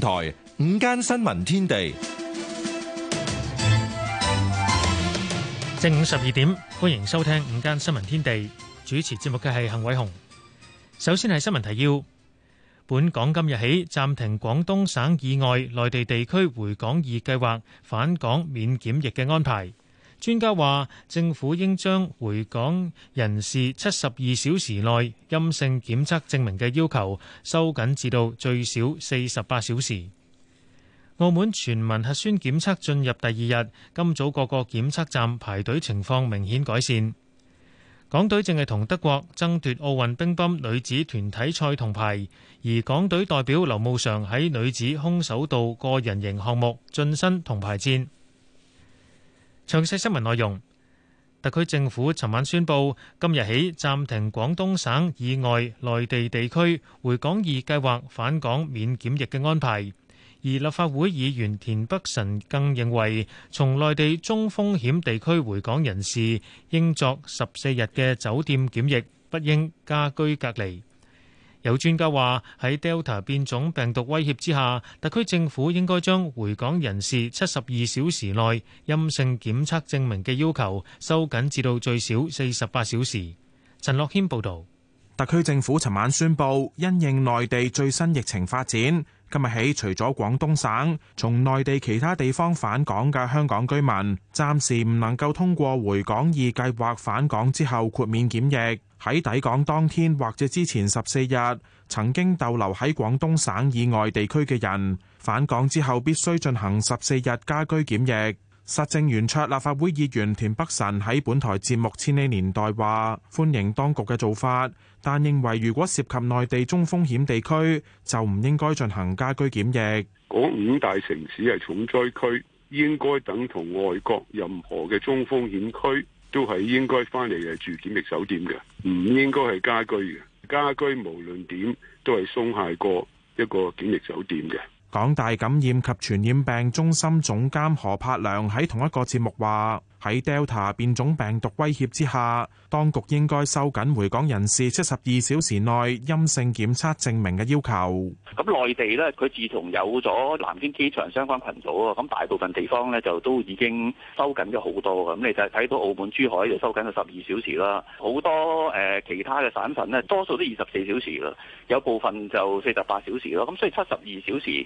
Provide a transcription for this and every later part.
台午間新聞天地，正午十二點，歡迎收聽午間新聞天地。主持節目嘅係幸偉雄。首先係新聞提要：本港今日起暫停廣東省以外內地地區回港易計劃，返港免檢疫嘅安排。專家話，政府應將回港人士七十二小時內陰性檢測證明嘅要求收緊至到最少四十八小時。澳門全民核酸檢測進入第二日，今早各個檢測站排隊情況明顯改善。港隊正係同德國爭奪奧運乒乓女子團體賽銅牌，而港隊代表劉慕裳喺女子空手道個人型項，項目晉身銅牌戰。詳細新聞內容，特區政府尋晚宣布，今日起暫停廣東省以外內地地區回港易計劃返港免檢疫嘅安排。而立法會議員田北辰更認為，從內地中風險地區回港人士應作十四日嘅酒店檢疫，不應家居隔離。有專家話喺 Delta 變種病毒威脅之下，特區政府應該將回港人士七十二小時內陰性檢測證明嘅要求收緊至到最少四十八小時。陳樂軒報導。特區政府尋晚宣布，因應內地最新疫情發展。今日起，除咗廣東省，從內地其他地方返港嘅香港居民，暫時唔能夠通過回港易計劃返港之後豁免檢疫。喺抵港當天或者之前十四日曾經逗留喺廣東省以外地區嘅人，返港之後必須進行十四日家居檢疫。實政圓桌立法會議員田北辰喺本台節目《千禧年代》話歡迎當局嘅做法。但認為如果涉及內地中風險地區，就唔應該進行家居檢疫。嗰五大城市係重災區，應該等同外國任何嘅中風險區，都係應該翻嚟係住檢疫酒店嘅，唔應該係家居嘅。家居無論點都係鬆懈過一個檢疫酒店嘅。港大感染及傳染病中心總監何柏良喺同一個節目話。喺 Delta 變種病毒威脅之下，當局應該收緊回港人士七十二小時內陰性檢測證明嘅要求。咁內地呢，佢自從有咗南京機場相關群組啊，咁大部分地方呢就都已經收緊咗好多。咁你就睇到澳門、珠海就收緊咗十二小時啦，好多誒、呃、其他嘅省份呢，多數都二十四小時啦，有部分就四十八小時咯。咁所以七十二小時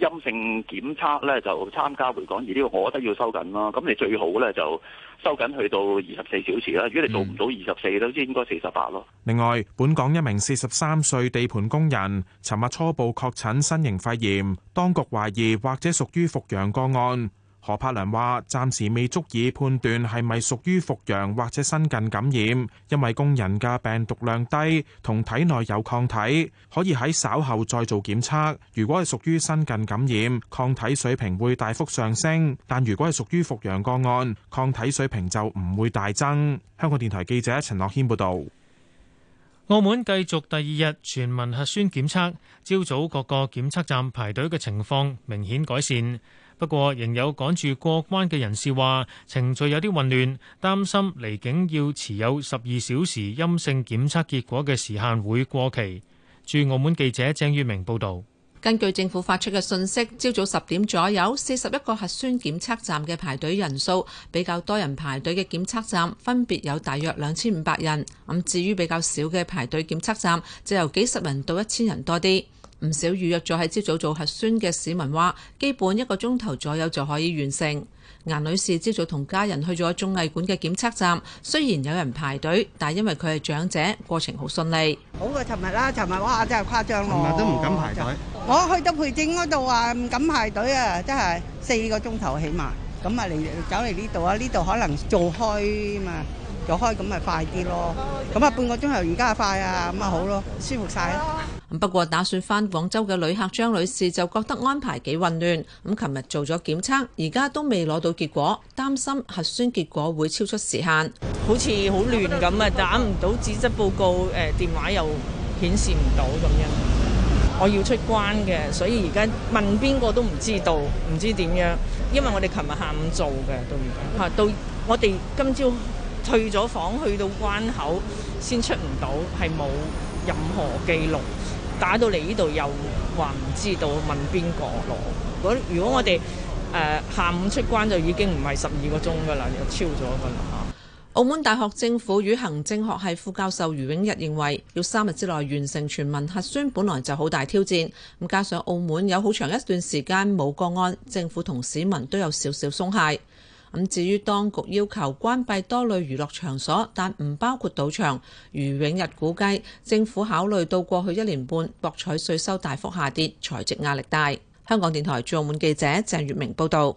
陰性檢測呢，就參加回港，而呢個我覺得要收緊咯。咁你最好呢，就～收緊去到二十四小時啦，如果你做唔到二十四，都應該四十八咯。另外，本港一名四十三歲地盤工人尋日初步確診新型肺炎，當局懷疑或者屬於復陽個案。何柏良話：暫時未足以判斷係咪屬於復陽或者新近感染，因為工人嘅病毒量低，同體內有抗體，可以喺稍後再做檢測。如果係屬於新近感染，抗體水平會大幅上升；但如果係屬於復陽個案，抗體水平就唔會大增。香港電台記者陳樂軒報導。澳門繼續第二日全民核酸檢測，朝早各個檢測站排隊嘅情況明顯改善。不過，仍有趕住過關嘅人士話，程序有啲混亂，擔心離境要持有十二小時陰性檢測結果嘅時限會過期。駐澳門記者鄭月明報導。根據政府發出嘅信息，朝早十點左右，四十一個核酸檢測站嘅排隊人數，比較多人排隊嘅檢測站，分別有大約兩千五百人。咁至於比較少嘅排隊檢測站，就由幾十人到一千人多啲。唔少預約咗喺朝早做核酸嘅市民話，基本一個鐘頭左右就可以完成。顏女士朝早同家人去咗綜藝館嘅檢測站，雖然有人排隊，但因為佢係長者，過程好順利。好過尋日啦，尋日哇真係誇張喎，尋日都唔敢排隊。我去到培正嗰度啊，唔敢排隊啊，真係四個鐘頭起碼。咁啊嚟走嚟呢度啊，呢度可能做開嘛，做開咁咪快啲咯。咁啊半個鐘頭而家快啊，咁啊好咯，舒服晒。不過打算返廣州嘅旅客張女士就覺得安排幾混亂，咁琴日做咗檢測，而家都未攞到結果，擔心核酸結果會超出時限。好似好亂咁啊，打唔到紙質報告，誒、呃，電話又顯示唔到咁樣。我要出關嘅，所以而家問邊個都唔知道，唔知點樣，因為我哋琴日下午做嘅，到而家吓到我哋今朝退咗房，去到關口先出唔到，係冇任何記錄。打到嚟呢度又話唔知道問邊個咯？如果我哋誒下午出關就已經唔係十二個鐘噶啦，又超咗㗎啦吓，澳門大學政府與行政學系副教授余永逸認為要三日之內完成全民核酸，本來就好大挑戰，咁加上澳門有好長一段時間冇個案，政府同市民都有少少鬆懈。咁至於當局要求關閉多類娛樂場所，但唔包括賭場。余永日估計，政府考慮到過去一年半博彩稅收大幅下跌，財政壓力大。香港電台駐澳門記者鄭月明報導。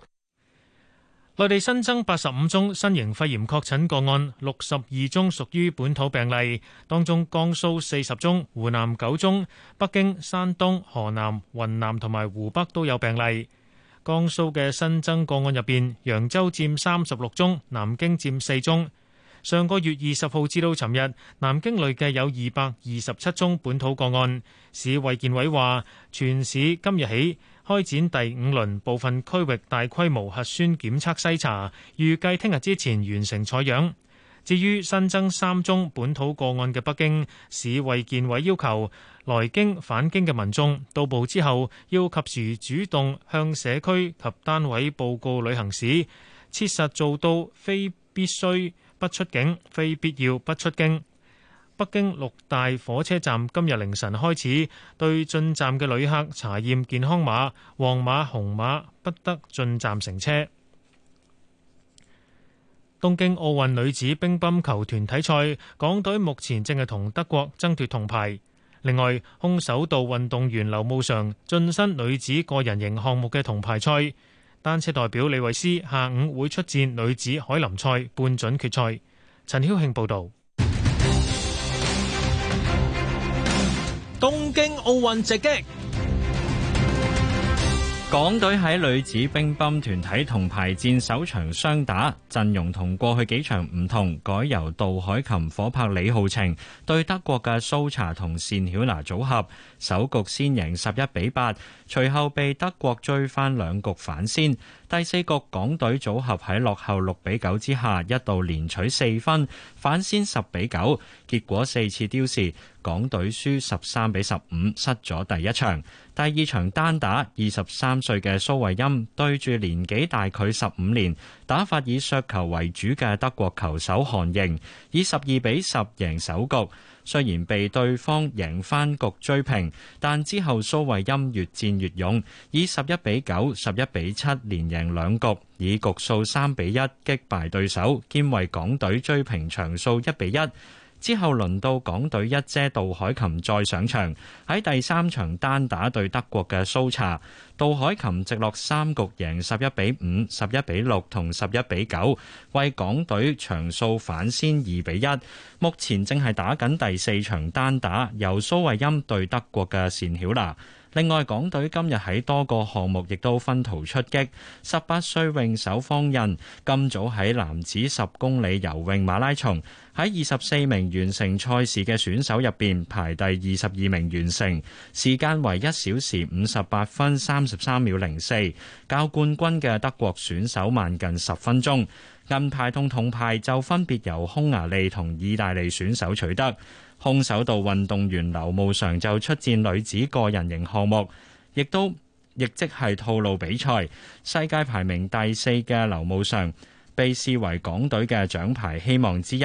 內地新增八十五宗新型肺炎確診個案，六十二宗屬於本土病例，當中江蘇四十宗，湖南九宗，北京、山東、河南、雲南同埋湖北都有病例。江蘇嘅新增個案入邊，揚州佔三十六宗，南京佔四宗。上個月二十號至到尋日，南京累計有二百二十七宗本土個案。市衛健委話，全市今日起開展第五輪部分區域大規模核酸檢測篩查，預計聽日之前完成採樣。至於新增三宗本土個案嘅北京市衞健委要求來京返京嘅民眾到埗之後要及時主動向社區及單位報告旅行史，切實做到非必須不出境、非必要不出京。北京六大火車站今日凌晨開始對進站嘅旅客查驗健康碼，黃碼、紅碼不得進站乘車。東京奧運女子乒乓球團體賽，港隊目前正係同德國爭奪銅牌。另外，空手道運動員劉慕裳晉身女子個人型項目嘅銅牌賽。單車代表李慧詩下午會出戰女子海林賽半準決賽。陳曉慶報道。東京奧運直擊。港隊喺女子乒乓團體銅牌戰首場雙打，陣容同過去幾場唔同，改由杜凱琹夥拍李皓晴對德國嘅蘇查同單曉娜組合，首局先贏十一比八，隨後被德國追翻兩局反先。第四局港隊組合喺落後六比九之下，一度連取四分，反先十比九，結果四次刁時，港隊輸十三比十五，失咗第一場。第二場單打，二十三歲嘅蘇慧音對住年紀大佢十五年、打法以削球為主嘅德國球手韓瑩，以十二比十贏首局。雖然被對方贏返局追平，但之後蘇慧音越戰越勇，以十一比九、十一比七連贏兩局，以局數三比一擊敗對手，兼為港隊追平場數一比一。之後輪到港隊一姐杜凱琹再上場，喺第三場單打對德國嘅蘇查，杜凱琹直落三局贏十一比五、十一比六同十一比九，為港隊場數反先二比一。目前正係打緊第四場單打，由蘇慧音對德國嘅單曉娜。另外，港隊今日喺多個項目亦都分途出擊，十八歲泳手方印今早喺男子十公里游泳馬拉松喺二十四名完成賽事嘅選手入邊排第二十二名完成，時間為一小時五十八分三十三秒零四，較冠軍嘅德國選手慢近十分鐘，銀牌同銅牌就分別由匈牙利同意大利選手取得。空手道運動員劉慕裳就出戰女子個人型項目，亦都亦即係套路比賽。世界排名第四嘅劉慕裳被視為港隊嘅獎牌希望之一。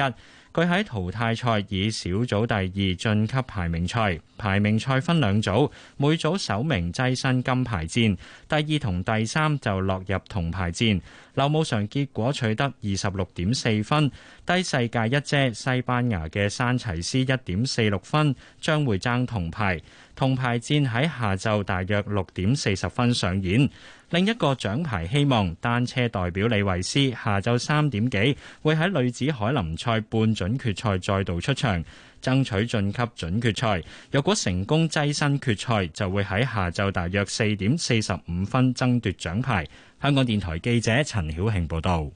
佢喺淘汰賽以小組第二晉級排名賽，排名賽分兩組，每組首名躋身金牌戰，第二同第三就落入銅牌戰。劉慕裳結果取得二十六點四分，低世界一姐西班牙嘅山齊斯一點四六分，將會爭銅牌。銅牌戰喺下晝大約六點四十分上演。另一個獎牌希望，單車代表李慧詩，下晝三點幾會喺女子凱林賽半準決賽再度出場爭取晉級準決賽，若果成功躋身決賽，就會喺下晝大約四點四十五分爭奪獎牌。香港電台記者陳曉慶報道。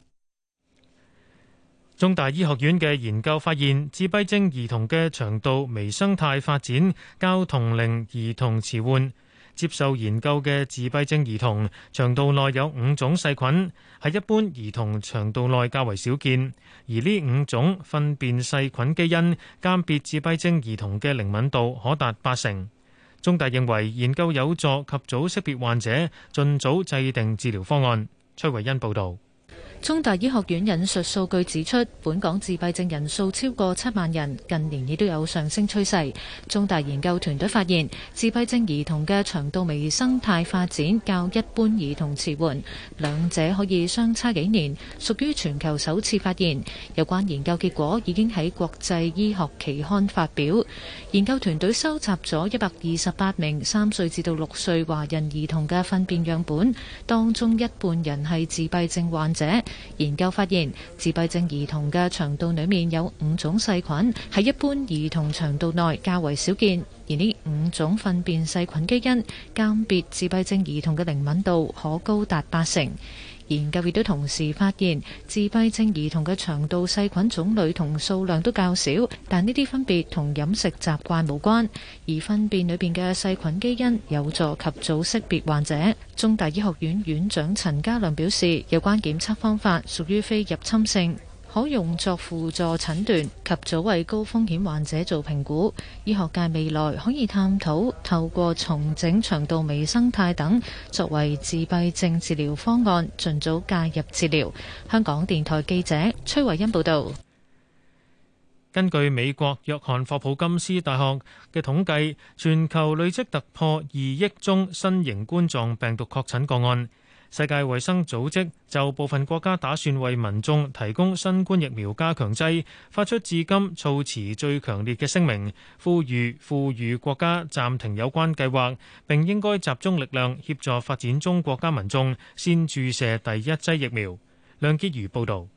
中大醫學院嘅研究發現，自閉症兒童嘅腸道微生態發展較同齡兒童遲緩。接受研究嘅自閉症兒童腸道內有五種細菌，係一般兒童腸道內較為少見。而呢五種糞便細菌基因，鑑別自閉症兒童嘅靈敏度可達八成。中大認為研究有助及早識別患者，盡早制定治療方案。崔慧恩報導。中大醫學院引述數據指出，本港自閉症人數超過七萬人，近年亦都有上升趨勢。中大研究團隊發現，自閉症兒童嘅腸道微生態發展較一般兒童遲緩，兩者可以相差幾年，屬於全球首次發現。有關研究結果已經喺國際醫學期刊發表。研究團隊收集咗一百二十八名三歲至到六歲華人兒童嘅糞便樣本，當中一半人係自閉症患者。研究發現，自閉症兒童嘅腸道裡面有五種細菌，喺一般兒童腸道內較為少見。而呢五種糞便細菌基因，鑑別自閉症兒童嘅靈敏度可高達八成。研究亦都同時發現，自閉症兒童嘅腸道細菌種類同數量都較少，但呢啲分別同飲食習慣無關，而糞便裏邊嘅細菌基因有助及早識別患者。中大醫學院院長陳家亮表示，有關檢測方法屬於非入侵性，可用作輔助診斷，及早為高風險患者做評估。醫學界未來可以探討透過重整腸道微生態等作為自閉症治療方案，儘早介入治療。香港電台記者崔慧欣報道：根據美國約翰霍普金斯大學嘅統計，全球累積突破二億宗新型冠狀病毒確診個案。世界衛生組織就部分國家打算為民眾提供新冠疫苗加強劑，發出至今措辭最強烈嘅聲明，呼籲富裕國家暫停有關計劃，並應該集中力量協助發展中國家民眾先注射第一劑疫苗。梁潔如報導。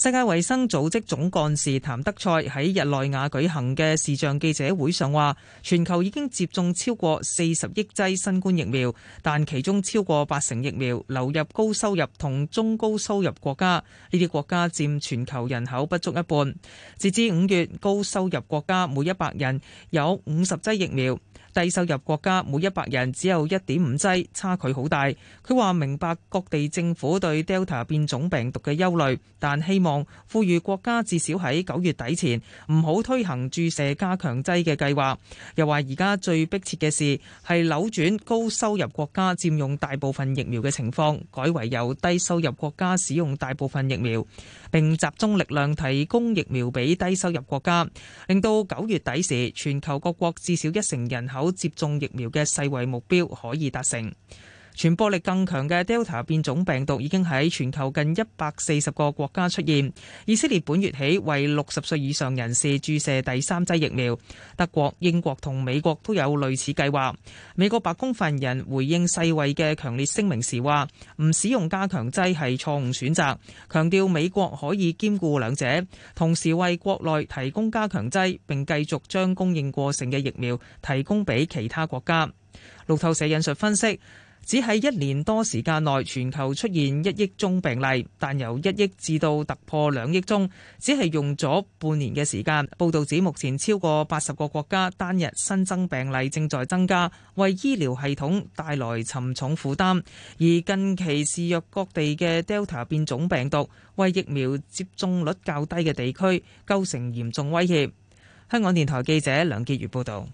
世界衛生組織總幹事譚德塞喺日內瓦舉行嘅視像記者會上話：全球已經接種超過四十億劑新冠疫苗，但其中超過八成疫苗流入高收入同中高收入國家，呢啲國家佔全球人口不足一半。截至五月，高收入國家每一百人有五十劑疫苗。低收入國家每一百人只有一點五劑，差距好大。佢話明白各地政府對 Delta 變種病毒嘅憂慮，但希望富裕國家至少喺九月底前唔好推行注射加強劑嘅計劃。又話而家最迫切嘅事係扭轉高收入國家佔用大部分疫苗嘅情況，改為由低收入國家使用大部分疫苗。並集中力量提供疫苗俾低收入國家，令到九月底時，全球各國至少一成人口接種疫苗嘅世衞目標可以達成。傳播力更強嘅 Delta 變種病毒已經喺全球近一百四十個國家出現。以色列本月起為六十歲以上人士注射第三劑疫苗，德國、英國同美國都有類似計劃。美國白宮發言人回應世衛嘅強烈聲明時話：唔使用加強劑係錯誤選擇，強調美國可以兼顧兩者，同時為國內提供加強劑，並繼續將供應過剩嘅疫苗提供俾其他國家。路透社引述分析。只係一年多時間內全球出現一億宗病例，但由一億至到突破兩億宗，只係用咗半年嘅時間。報道指，目前超過八十個國家單日新增病例正在增加，為醫療系統帶來沉重負擔，而近期肆虐各地嘅 Delta 變種病毒，為疫苗接種率較低嘅地區構成嚴重威脅，香港電台記者梁潔如報道。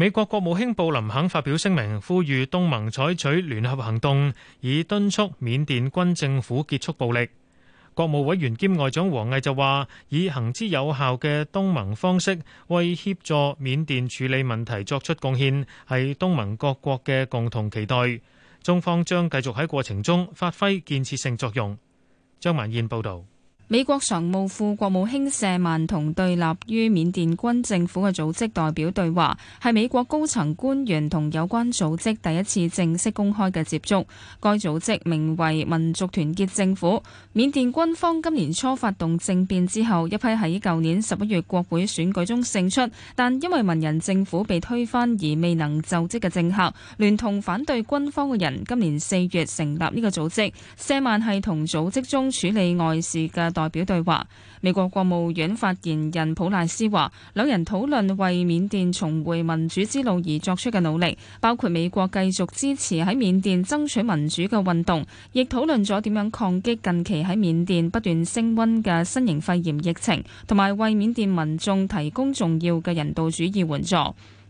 美國國務卿布林肯發表聲明，呼籲東盟採取聯合行動，以敦促緬甸軍政府結束暴力。國務委員兼外長王毅就話，以行之有效嘅東盟方式，為協助緬甸處理問題作出貢獻，係東盟各國嘅共同期待。中方將繼續喺過程中發揮建設性作用。張文燕報道。美國常務副國務卿謝曼同對立於緬甸軍政府嘅組織代表對話，係美國高層官員同有關組織第一次正式公開嘅接觸。該組織名為民族團結政府。緬甸軍方今年初發動政變之後，一批喺舊年十一月國會選舉中勝出，但因為文人政府被推翻而未能就職嘅政客，聯同反對軍方嘅人，今年四月成立呢個組織。謝曼係同組織中處理外事嘅代表對話，美國國務院發言人普賴斯話，兩人討論為緬甸重回民主之路而作出嘅努力，包括美國繼續支持喺緬甸爭取民主嘅運動，亦討論咗點樣抗擊近期喺緬甸不斷升溫嘅新型肺炎疫情，同埋為緬甸民眾提供重要嘅人道主義援助。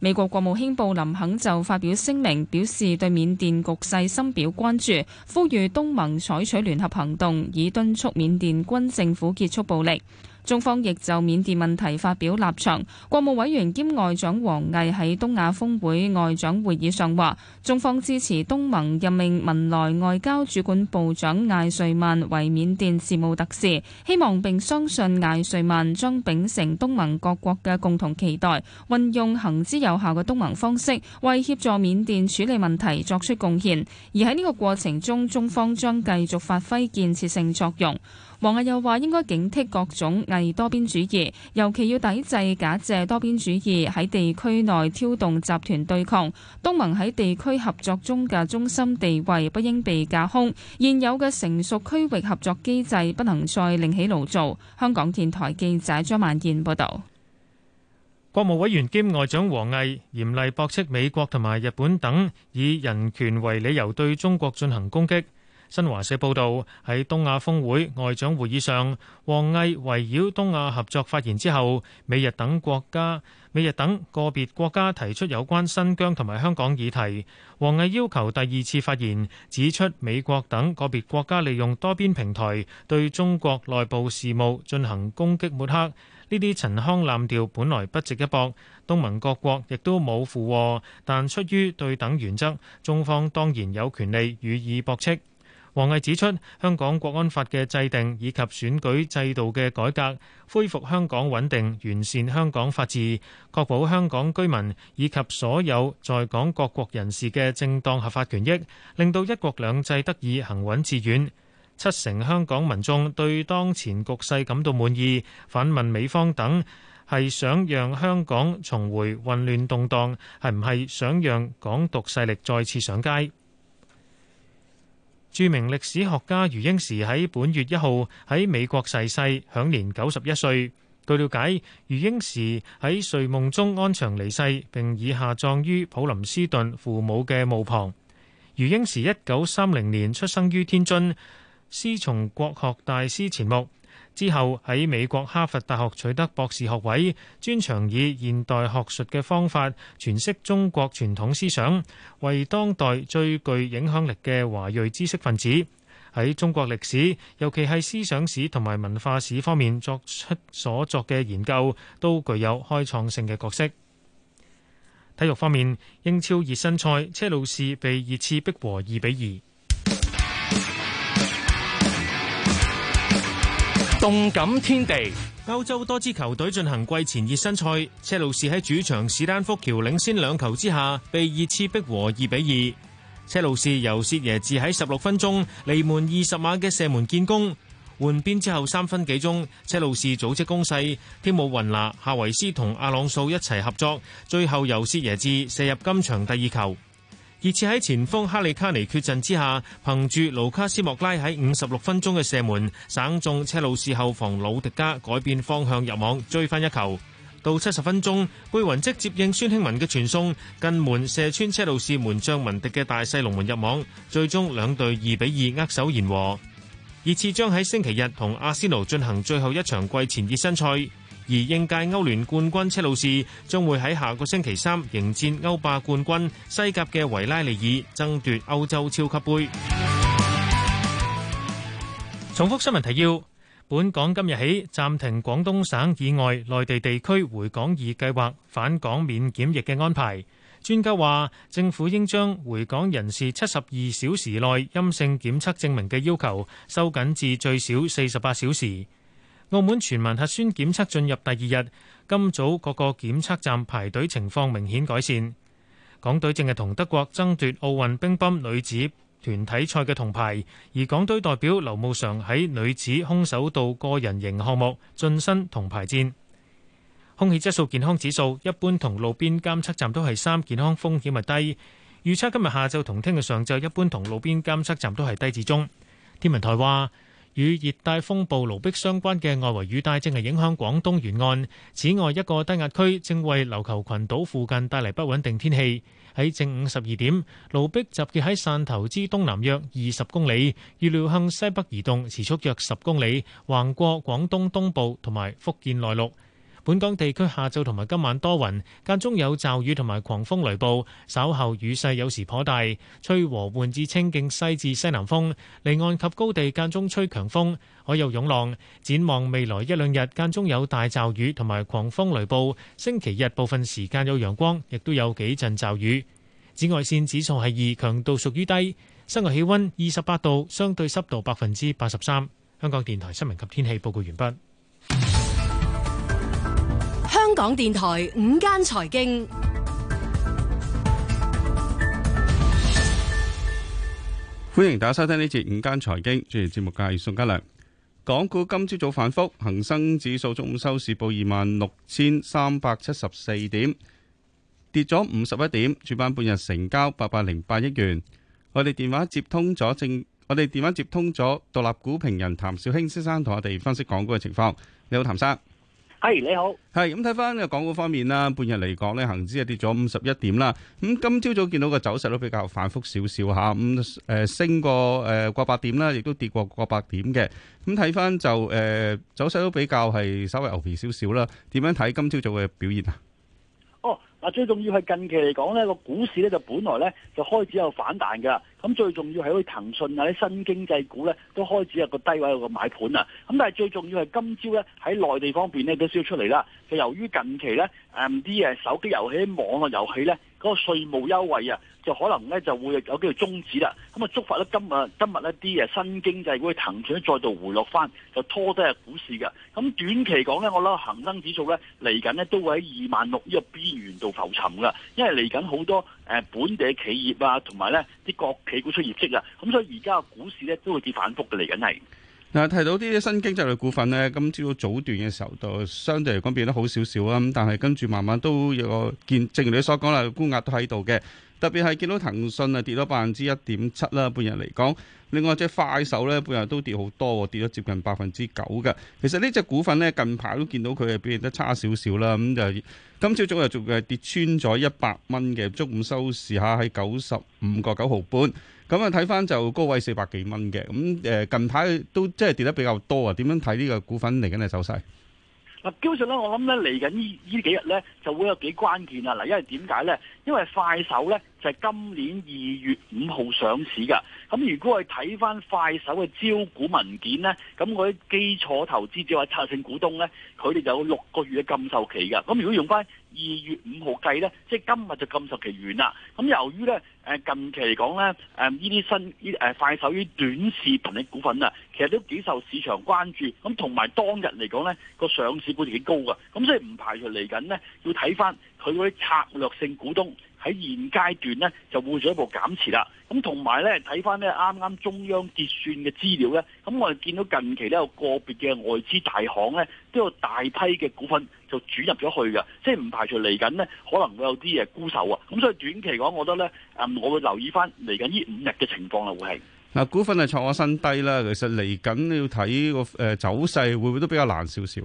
美國國務卿布林肯就發表聲明，表示對緬甸局勢深表關注，呼籲東盟採取聯合行動，以敦促緬甸軍政府結束暴力。中方亦就緬甸問題發表立場，國務委員兼外長王毅喺東亞峰會外長會議上話，中方支持東盟任命文萊外交主管部長艾瑞曼為緬甸事務特使，希望並相信艾瑞曼將秉承東盟各國嘅共同期待，運用行之有效嘅東盟方式，為協助緬甸處理問題作出貢獻。而喺呢個過程中，中方將繼續發揮建設性作用。王毅又話：應該警惕各種偽多邊主義，尤其要抵制假借多邊主義喺地區內挑動集團對抗。東盟喺地區合作中嘅中心地位不應被架空，現有嘅成熟區域合作機制不能再另起爐灶。香港電台記者張萬健報道。國務委員兼外長王毅嚴厲駁斥美國同埋日本等以人權為理由對中國進行攻擊。新華社報道，喺東亞峰會外長會議上，王毅圍繞東亞合作發言之後，美日等國家、美日等個別國家提出有關新疆同埋香港議題，王毅要求第二次發言指出，美國等個別國家利用多邊平台對中國內部事務進行攻擊抹黑，呢啲陳腔濫調本來不值一駁，東盟各國亦都冇附和，但出於對等原則，中方當然有權利予以駁斥。王毅指出，香港國安法嘅制定以及選舉制度嘅改革，恢復香港穩定，完善香港法治，確保香港居民以及所有在港各國人士嘅正當合法權益，令到一國兩制得以行穩致遠。七成香港民眾對當前局勢感到滿意。反問美方等，係想讓香港重回混亂動盪，係唔係想讓港獨勢力再次上街？著名歷史學家余英時喺本月一號喺美國逝世，享年九十一歲。據了解，余英時喺睡夢中安詳離世，並已下葬於普林斯頓父母嘅墓旁。余英時一九三零年出生於天津，師從國學大師錢穆。之後喺美國哈佛大學取得博士學位，專長以現代學術嘅方法詮釋中國傳統思想，為當代最具影響力嘅華裔知識分子。喺中國歷史，尤其係思想史同埋文化史方面作出所作嘅研究，都具有開創性嘅角色。體育方面，英超熱身賽，車路士被熱刺逼和二比二。動感天地，歐洲多支球隊進行季前熱身賽，車路士喺主場史丹福橋領先兩球之下，被熱刺逼和二比二。車路士由薛耶志喺十六分鐘離門二十碼嘅射門建功，換邊之後三分幾鐘，車路士組織攻勢，添姆云拿、夏維斯同阿朗素一齊合作，最後由薛耶志射入今場第二球。熱刺喺前鋒哈利卡尼缺陣之下，憑住盧卡斯莫拉喺五十六分鐘嘅射門，省中車路士後防魯迪加改變方向入網追翻一球到七十分鐘，貝雲即接應孫興文嘅傳送，近門射穿車路士門將文迪嘅大細龍門入網，最終兩隊二比二握手言和。熱刺將喺星期日同阿仙奴進行最後一場季前熱身賽。而應屆歐聯冠軍車路士將會喺下個星期三迎戰歐霸冠軍西甲嘅維拉利爾，爭奪歐洲超級杯。重複新聞提要：本港今日起暫停廣東省以外內地地區回港易計劃返港免檢疫嘅安排。專家話，政府應將回港人士七十二小時內陰性檢測證明嘅要求收緊至最少四十八小時。澳門全民核酸檢測進入第二日，今早各個檢測站排隊情況明顯改善。港隊正係同德國爭奪奧運乒乓女子團體賽嘅銅牌，而港隊代表劉慕常喺女子空手道個人型項目晉身銅牌戰。空氣質素健康指數一般，同路邊監測站都係三，健康風險係低。預測今日下晝同聽日上晝一般同路邊監測站都係低至中。天文台話。與熱帶風暴盧碧相關嘅外圍雨帶正係影響廣東沿岸，此外一個低壓區正為琉球群島附近帶嚟不穩定天氣。喺正午十二點，盧碧集結喺汕頭之東南約二十公里，預料向西北移動，時速約十公里，橫過廣東東部同埋福建內陸。本港地區下晝同埋今晚多雲，間中有驟雨同埋狂風雷暴，稍後雨勢有時頗大，吹和緩至清勁西至西南風，離岸及高地間中吹強風，海有湧浪。展望未來一兩日間中有大驟雨同埋狂風雷暴，星期日部分時間有陽光，亦都有幾陣驟雨。紫外線指數係二，強度屬於低。室外氣温二十八度，相對濕度百分之八十三。香港電台新聞及天氣報告完畢。港電台午間財經，歡迎大家收聽呢節午間財經。主持節目嘅係宋家良。港股今朝早反覆恒生指數中午收市報二萬六千三百七十四點，跌咗五十一點。主板半日成交八百零八億元。我哋電話接通咗，正我哋電話接通咗獨立股評人譚少卿先生同我哋分析港股嘅情況。你好，譚生。係、hey, 你好，係咁睇翻個港股方面啦，半日嚟講咧，恒指係跌咗五十一點啦。咁今朝早，早見到個走勢都比較反覆少少吓，咁、嗯、誒、呃、升過誒、呃、過百點啦，亦都跌過過百點嘅。咁睇翻就誒、呃、走勢都比較係稍微牛皮少少啦。點樣睇今朝早嘅表現啊？嗱，最重要係近期嚟講咧，個股市咧就本來咧就開始有反彈㗎。咁最重要係嗰啲騰訊啊啲新經濟股咧都開始有個低位有個買盤啊。咁但係最重要係今朝咧喺內地方面咧都燒出嚟啦。就由於近期咧誒啲誒手機遊戲、網絡遊戲咧。嗰個稅務優惠啊，就可能咧就會有機會終止啦。咁啊，觸發咧今日今日一啲誒新經濟股嘅騰訊，再度回落翻，就拖低啊股市嘅。咁短期講咧，我諗恒生指數咧嚟緊咧都會喺二萬六呢個邊緣度浮沉㗎。因為嚟緊好多誒本地企業啊，同埋咧啲國企股出業績啊，咁所以而家嘅股市咧都會跌反覆嘅嚟緊係。嗱，提到啲新經濟類股份咧，今朝早，早段嘅時候就相對嚟講變得好少少啦，咁但係跟住慢慢都有個見，正如你所講啦，沽壓都喺度嘅。特別係見到騰訊啊，跌咗百分之一點七啦，半日嚟講。另外隻快手咧，半日都跌好多，跌咗接近百分之九嘅。其實呢隻股份咧，近排都見到佢係表現得差少少啦。咁就今朝早又仲跌穿咗一百蚊嘅，中午收市下喺九十五個九毫半。咁啊，睇翻就高位四百幾蚊嘅。咁誒近排都即係跌得比較多啊。點樣睇呢個股份嚟緊嘅走勢？嗱，基本上咧，我諗咧，嚟緊呢呢幾日咧，就會有幾關鍵啊。嗱，因為點解咧？因為快手呢，就係、是、今年二月五號上市噶，咁、嗯、如果我睇翻快手嘅招股文件呢，咁嗰啲基礎投資者或策略性股東呢，佢哋就有六個月嘅禁售期噶。咁、嗯、如果用翻二月五號計呢，即係今日就禁售期完啦。咁、嗯、由於呢，誒近期嚟講呢，誒呢啲新，誒快手啲短視頻嘅股份啊，其實都幾受市場關注。咁同埋當日嚟講呢，個上市盤幾高噶。咁、嗯、所以唔排除嚟緊呢，要睇翻佢嗰啲策略性股東。喺現階段咧就會進一步減持啦，咁同埋咧睇翻咧啱啱中央結算嘅資料咧，咁我哋見到近期咧有個別嘅外資大行咧都有大批嘅股份就轉入咗去嘅，即係唔排除嚟緊呢可能會有啲嘢沽售啊，咁所以短期講，我覺得咧誒，我會留意翻嚟緊呢五日嘅情況啦，會係嗱，股份係創下新低啦，其實嚟緊要睇個誒、呃、走勢，會唔會都比較難少少？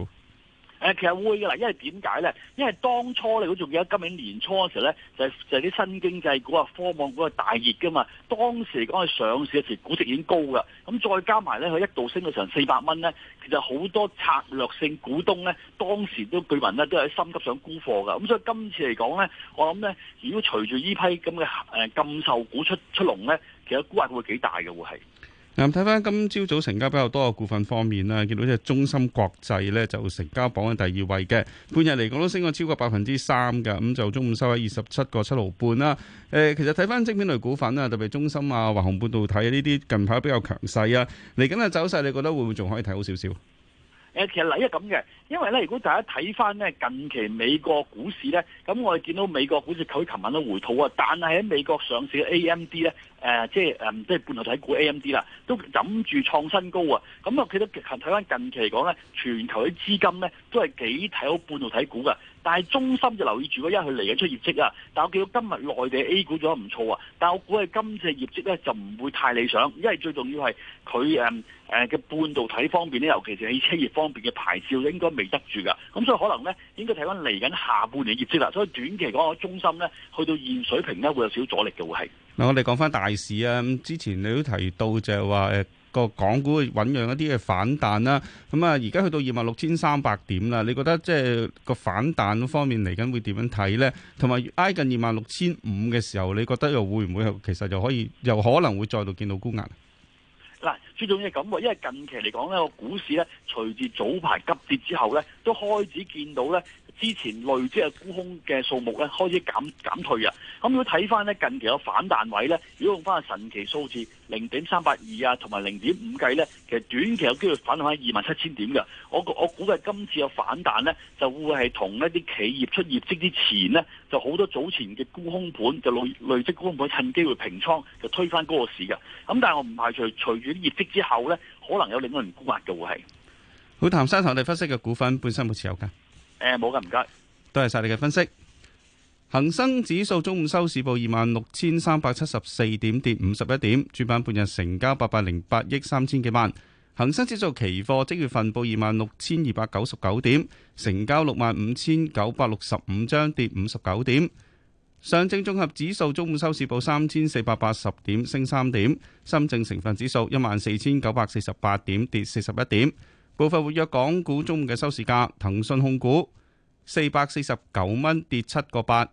誒其實會嘅啦，因為點解咧？因為當初你都仲記得今年年初嗰時咧，就係、是、就係、是、啲新經濟股啊、科網股啊大熱嘅嘛。當時嚟講，佢上市嘅時估值已經高嘅，咁再加埋咧，佢一度升到成四百蚊咧，其實好多策略性股東咧，當時都據聞咧都係心急想沽貨嘅。咁所以今次嚟講咧，我諗咧，如果隨住呢批咁嘅誒禁售股出出籠咧，其實估價會幾大嘅會係。嗱，睇翻今朝早成交比較多嘅股份方面啦，見到即係中芯國際咧就成交榜喺第二位嘅，半日嚟講都升過超過百分之三嘅，咁就中午收喺二十七個七毫半啦。誒，其實睇翻晶片類股份啦，特別中芯啊、華虹半導體呢啲近排比較強勢啊，嚟緊嘅走勢，你覺得會唔會仲可以睇好少少？誒，其實嚟因為咁嘅，因為咧，如果大家睇翻咧近期美國股市咧，咁我哋見到美國股市佢琴晚都回吐啊，但係喺美國上市嘅 AMD 咧。誒、呃，即係誒，即、嗯、係半導體股 AMD 啦，都諗住創新高啊！咁、嗯、啊，其實睇翻近期嚟講咧，全球嘅資金咧都係幾睇好半導體股嘅，但係中心就留意住，因為佢嚟緊出業績啊！但係我見到今日內地 A 股做得唔錯啊，但係我估係今次嘅業績咧就唔會太理想，因為最重要係佢誒誒嘅半導體方面咧，尤其是汽車業方面嘅牌照應該未得住㗎，咁、嗯、所以可能咧應該睇翻嚟緊下半年業績啦，所以短期講，中心咧去到現水平咧會有少少阻力嘅，會係。嗱，我哋講翻大市啊，咁之前你都提到就係話，誒、呃、個港股醞釀一啲嘅反彈啦、啊，咁啊而家去到二萬六千三百點啦，你覺得即係個反彈方面嚟緊會點樣睇咧？同埋挨近二萬六千五嘅時候，你覺得又會唔會其實又可以又可能會再度見到高壓？嗱，最重要係咁喎，因為近期嚟講咧，個股市咧，隨住早排急跌之後咧，都開始見到咧。之前累積嘅沽空嘅數目咧，開始減減退啊！咁如果睇翻咧，近期有反彈位咧，如果用翻神奇數字零點三八二啊，同埋零點五計咧，其實短期有機會反彈喺二萬七千點嘅。我我估計今次有反彈咧，就會係同一啲企業出業績之前呢，就好多早前嘅沽空盤就累累積沽空盤，沽空盤趁機會平倉，就推翻嗰個市嘅。咁但係我唔排除，隨住啲業績之後咧，可能有另外一輪沽壓嘅會係。好，譚生，我哋分析嘅股份本身有冇持有嘅？誒，冇噶，唔該，多謝晒你嘅分析。恒生指數中午收市報二萬六千三百七十四點，跌五十一點。主板半日成交八百零八億三千幾萬。恒生指數期貨即月份報二萬六千二百九十九點，成交六萬五千九百六十五張，跌五十九點。上證綜合指數中午收市報三千四百八十點，升三點。深證成分指數一萬四千九百四十八點，跌四十一點。部分活躍港股中午嘅收市價：騰訊控股四百四十九蚊，跌七個八；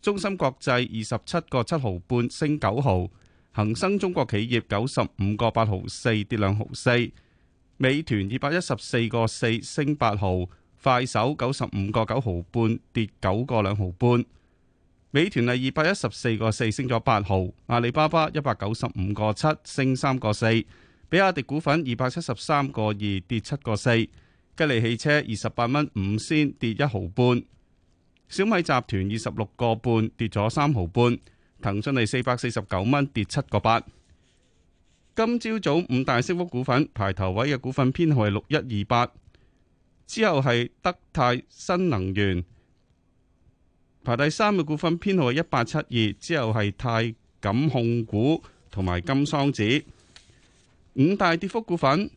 中芯國際二十七個七毫半，升九毫；恒生中國企業九十五個八毫四，跌兩毫四；美團二百一十四個四，升八毫；快手九十五個九毫半，跌九個兩毫半；美團係二百一十四個四，升咗八毫；阿里巴巴一百九十五個七，升三個四。比亞迪股份二百七十三個二，跌七個四，吉利汽車二十八蚊五仙，跌一毫半，小米集團二十六個半，跌咗三毫半，騰訊係四百四十九蚊，跌七個八。今朝早五大升幅股份排頭位嘅股份編號係六一二八，之後係德泰新能源，排第三嘅股份編號係一八七二，之後係泰錦控股同埋金桑子。五大跌幅股份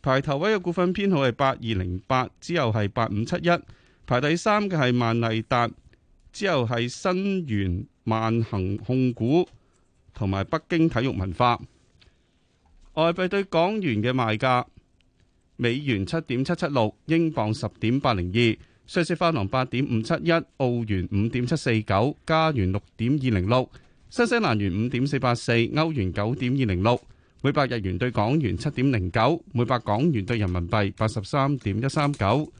排頭位嘅股份編號係八二零八，之後係八五七一，排第三嘅係萬麗達，之後係新源萬恆控股，同埋北京體育文化。外幣對港元嘅賣價：美元七點七七六，英鎊十點八零二，瑞士法郎八點五七一，澳元五點七四九，加元六點二零六，新西蘭元五點四八四，歐元九點二零六。每百日元兌港元七點零九，每百港元兌人民幣八十三點一三九。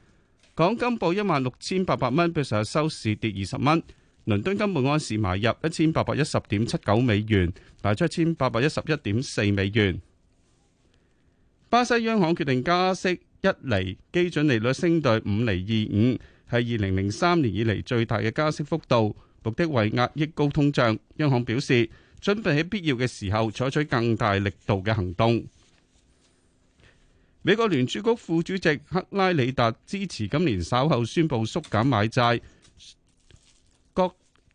港金報一萬六千八百蚊，比上日收市跌二十蚊。倫敦金每安士買入一千八百一十點七九美元，賣出一千八百一十一點四美元。巴西央行決定加息一厘，基準利率升到五厘二五，係二零零三年以嚟最大嘅加息幅度，目的為壓抑高通脹。央行表示。準備喺必要嘅時候採取更大力度嘅行動。美國聯儲局副主席克拉里達支持今年稍後宣布縮減買債，各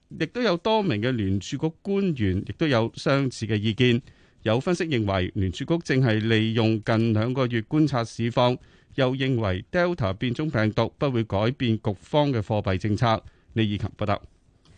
亦都有多名嘅聯儲局官員亦都有相似嘅意見。有分析認為聯儲局淨係利用近兩個月觀察市況，又認為 Delta 變種病毒不會改變局方嘅貨幣政策。李以勤報道。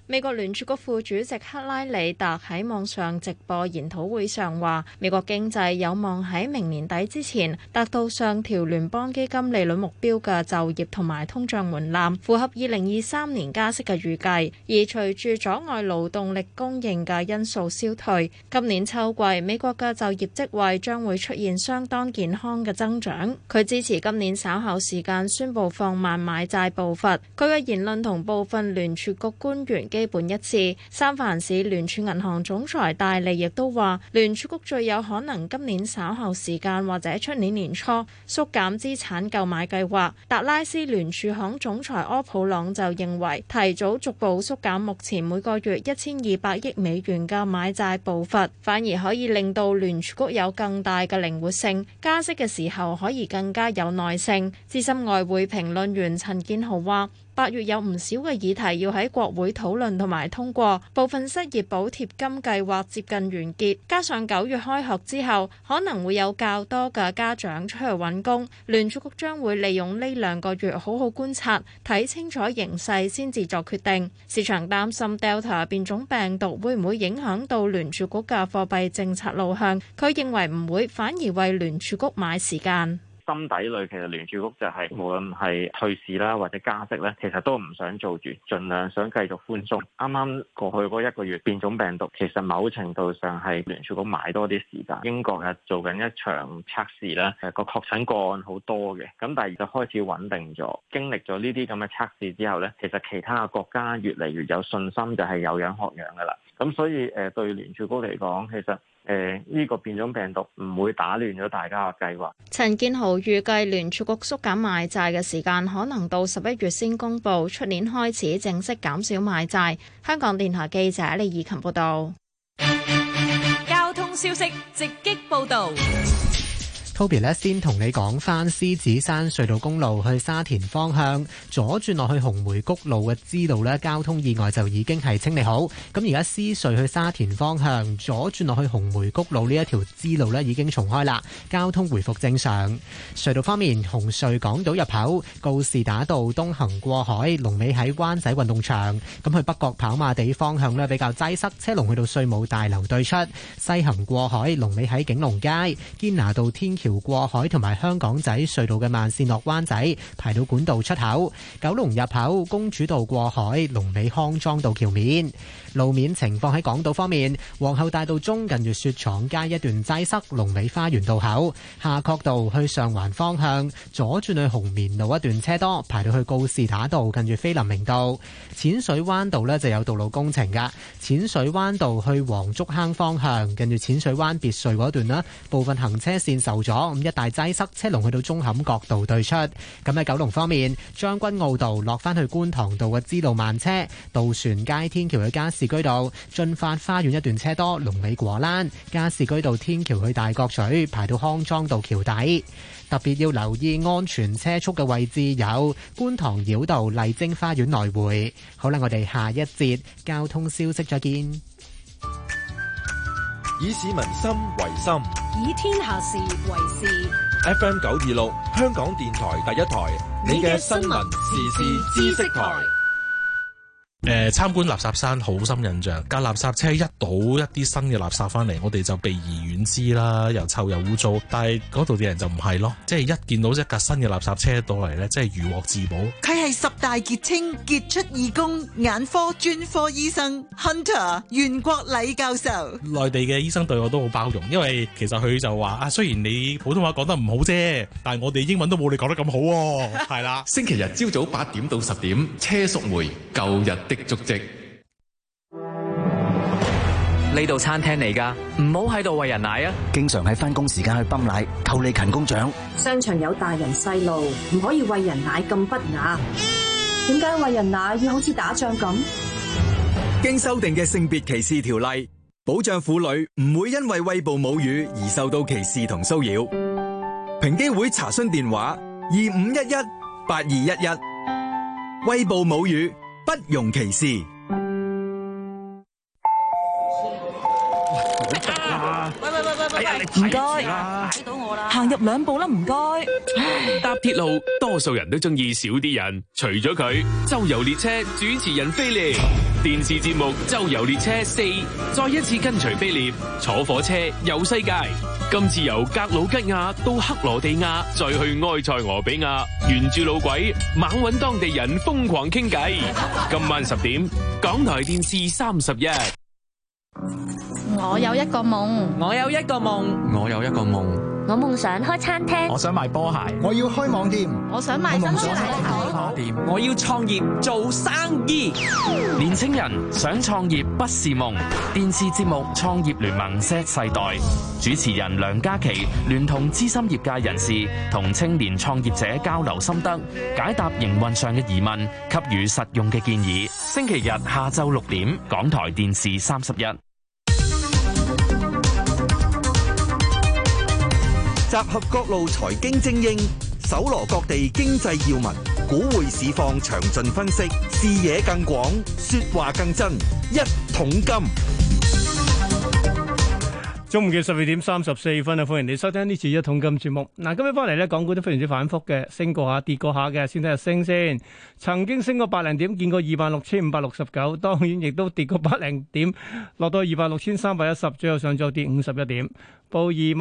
美國聯儲局副主席克拉里達喺網上直播研討會上話美國經濟有望喺明年底之前達到上調聯邦基金利率目標嘅就業同埋通脹門檻，符合二零二三年加息嘅預計，而隨住阻礙勞動力供應嘅因素消退，今年秋季美國嘅就業職位將會出現相當健康嘅增長，佢支持今年稍後時間宣布放慢買債步伐。佢嘅言論同部分聯儲局官員基本一致，三藩市聯儲銀行總裁戴利亦都話聯儲局最有可能今年稍後時間或者出年年初縮減資產購買計劃。達拉斯聯儲行總裁柯普朗就認為提早逐步縮減目前每個月一千二百億美元嘅買債步伐，反而可以令到聯儲局有更大嘅靈活性，加息嘅時候可以更加有耐性。資深外匯評論員陳建豪話。八月有唔少嘅議題要喺國會討論同埋通過，部分失業補貼金計劃接近完結，加上九月開學之後可能會有較多嘅家長出去搵工，聯儲局將會利用呢兩個月好好觀察，睇清楚形勢先至作決定。市場擔心 Delta 變種病毒會唔會影響到聯儲局嘅貨幣政策路向，佢認為唔會，反而為聯儲局買時間。心底裏其實聯儲局就係無論係退市啦或者加息咧，其實都唔想做住，儘量想繼續寬鬆。啱啱過去嗰一個月變種病毒，其實某程度上係聯儲局買多啲時間。英國啊做緊一場測試啦，誒個確診個案好多嘅，咁但係就開始穩定咗。經歷咗呢啲咁嘅測試之後咧，其實其他嘅國家越嚟越有信心，就係有樣學樣噶啦。咁所以誒對聯儲局嚟講，其實。誒，呢、呃這個變種病毒唔會打亂咗大家嘅計劃。陳建豪預計聯儲局縮減買債嘅時間可能到十一月先公佈，出年開始正式減少買債。香港電台記者李以琴報道。交通消息直擊報導，直擊報道。t o b 先同你講翻獅子山隧道公路去沙田方向左轉落去紅梅谷路嘅支路咧，交通意外就已經係清理好。咁而家獅隧去沙田方向左轉落去紅梅谷路呢一條支路咧，已經重開啦，交通回復正常。隧道方面，紅隧港島入口告士打道東行過海，龍尾喺灣仔運動場。咁去北角跑馬地方向咧比較擠塞，車龍去到稅務大樓對出，西行過海，龍尾喺景龍街堅拿道天橋。過海同埋香港仔隧道嘅慢線落灣仔排到管道出口，九龍入口，公主道過海，龍尾康莊道橋面。路面情況喺港島方面，皇后大道中近住雪廠街一段擠塞，龍尾花園道口、夏慤道去上環方向左轉去紅棉路一段車多，排到去告士打道近住菲林明道。淺水灣道呢就有道路工程嘅，淺水灣道去黃竹坑方向，近住淺水灣別墅嗰段啦，部分行車線受阻，咁一帶擠塞，車龍去到舂坎角道對出。咁喺九龍方面，將軍澳道落返去觀塘道嘅支路慢車，渡船街天橋嘅加士居道、駿發花園一段車多，龍尾果欄、加士居道天橋去大角咀排到康莊道橋底，特別要留意安全車速嘅位置有觀塘繞道、麗晶花園來回。好啦，我哋下一節交通消息再見。以市民心為心，以天下事為事。FM 九二六，香港電台第一台，你嘅新聞時事知識台。誒，參觀垃圾山好深印象，架，垃圾車一倒一啲新嘅垃圾翻嚟，我哋就避而遠之啦，又臭又污糟。但係嗰度啲人就唔係咯，即係一見到一架新嘅垃圾車到嚟呢，即係如獲至寶。佢係十大傑青傑出義工眼科專科醫生 Hunter 袁國禮教授。內地嘅醫生對我都好包容，因為其實佢就話啊，雖然你普通話講得唔好啫，但係我哋英文都冇你講得咁好喎。係 啦， 星期日朝早八點到十點，車淑梅舊日的足跡呢度餐廳嚟噶，唔好喺度喂人奶啊！經常喺翻工時間去泵奶，扣你勤工獎。商場有大人細路，唔可以喂人奶咁不雅。點解喂人奶要好似打仗咁？經修訂嘅性別歧視條例，保障婦女唔會因為喂哺母乳而受到歧視同騷擾。平機會查詢電話二五一一八二一一。喂哺母乳，不容歧視。唔該，睇到我啦，行入兩步啦，唔該。搭鐵路，多數人都中意少啲人，除咗佢。周遊列車主持人菲烈，電視節目周遊列車四，再一次跟隨菲烈坐火車遊世界。今次由格魯吉亞到克羅地亞，再去埃塞俄比亞，沿住路軌猛搵當地人瘋狂傾偈。今晚十點，港台電視三十一。我有一個夢，我有一個夢，我有一個夢。我夢想開餐廳，我想賣波鞋，我要開網店，我想賣新貨。我店我要創業做生意。年青人想創業不是夢。電視節目《創業聯盟》Z 世代主持人梁嘉琪，聯同資深業界人士同青年創業者交流心得，解答營運上嘅疑問，給予實用嘅建議。星期日下晝六點，港台電視三十一。集合各路財經精英，搜羅各地經濟要聞，股匯市況詳盡分析，視野更廣，說話更真。一桶金，中午嘅十二點三十四分啊！歡迎你收聽呢次一桶金節目。嗱，今日翻嚟咧，港股都非常之反復嘅，升過下跌過下嘅，先睇下升先。曾經升過百零點，見過二萬六千五百六十九，當然亦都跌過百零點，落到二萬六千三百一十，最後上晝跌五十一點，報二萬。